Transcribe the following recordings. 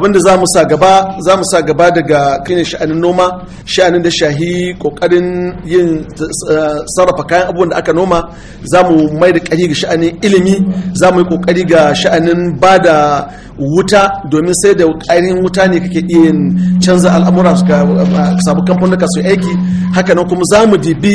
abinda za mu sa gaba za mu sa gaba daga kine sha'anin noma sha'anin da shahi kokarin yin eh, sarrafa kayan abubuwan da aka noma za mu mai da kari ga sha'anin ilimi za mu yi kokari ga sha'anin ba da wuta domin sai da ainihin wuta ne kake iya yin canza al'amura su eh, sabu kamfanin su aiki haka kuma za mu dibi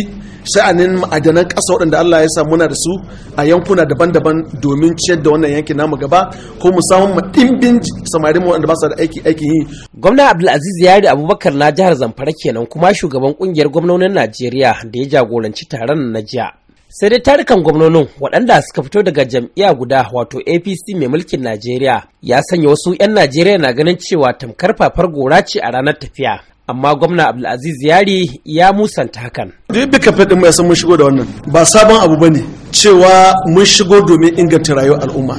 sha'anin ma'adanan ƙasa waɗanda Allah ya sa muna da su a yankuna daban-daban domin ciyar da wannan yankin namu gaba ko mu samu maɗimbin samarin mu waɗanda ba su da aiki aikin yi. Gwamna Abdulaziz Yari Abubakar na jihar Zamfara kenan kuma shugaban ƙungiyar gwamnonin Najeriya da ya jagoranci taron na jiya. Sai dai tarukan gwamnonin waɗanda suka fito daga jam'iyya guda wato APC mai mulkin Najeriya ya sanya wasu 'yan Najeriya na ganin cewa tamkar fafar gora ce a ranar tafiya. Amma gwamna Abdulaziz Yari ya musanta hakan. duk ka faɗin mai san mun shigo da wannan ba sabon abu ba ne cewa mun shigo domin inganta rayuwar al'umma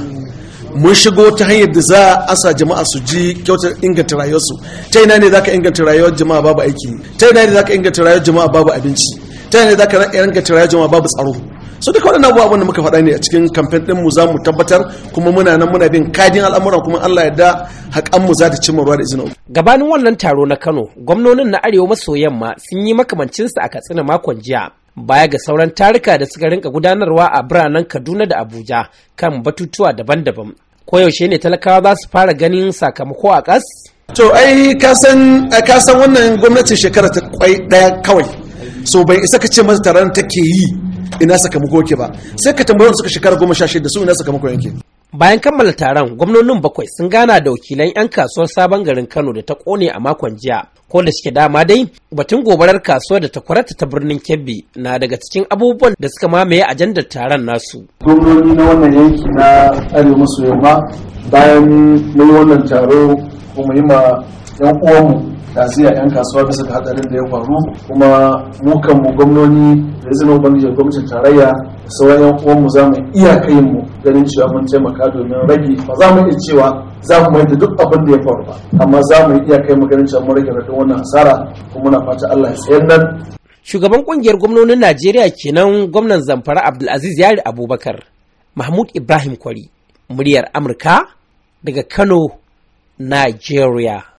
mun shigo ta hanyar da za a sa jama'a su ji kyautar inganta su ta ina ne za ka inganta rayuwar jama'a babu aiki ta ina ne za ka inganta rayuwar jama'a babu abinci ta ina ne za ka inganta rayuwar jama'a babu tsaro so duka wadannan abubuwan da muka faɗa ne a cikin kamfen ɗin mu za mu tabbatar kuma muna nan muna bin kadin al'amuran kuma Allah ya da haƙan mu za ta cimma ruwa da izinin gabanin wannan taro na Kano gwamnonin na arewa maso yamma sun yi makamancin sa a Katsina makon jiya baya ga sauran tarika da suka rinka gudanarwa a biranen Kaduna da Abuja kan batutuwa daban-daban koyaushe ne talakawa za su fara ganin sakamako a ƙas to ai ka san wannan gwamnatin shekara ta kwai ɗaya kawai so bai isa ka ce masa taron take yi ina sakamako yake ba sai ka tambayi suka shekara goma sha shida su ina sakamako yake bayan kammala taron gwamnonin bakwai sun gana da wakilan 'yan kasuwar sabon garin kano da ta kone a makon jiya ko da suke dama dai batun gobarar kasuwar da ta kwarata ta birnin kebbi na daga cikin abubuwan da suka mamaye ajandar taron nasu gwamnoni na wannan yanki na arewa maso yamma bayan yi wannan taro kuma yi ma 'yan uwanmu tasiri a 'yan kasuwa bisa da hadarin da ya faru kuma mu kan mu gwamnoni da izinin ubangijin gwamnatin tarayya da sauran 'yan uwanmu za mu iya kai mu ganin cewa mun taimaka domin rage ba za mu iya cewa za mu maida duk abin da ya faru ba amma za mu iya kai mu ganin cewa mun rage raɗin wannan asara kuma muna fata Allah ya tsayar nan. Shugaban kungiyar gwamnonin Najeriya kenan gwamnan Zamfara Abdulaziz Yari Abubakar Mahmud Ibrahim Kwari muryar Amurka daga Kano, Nigeria.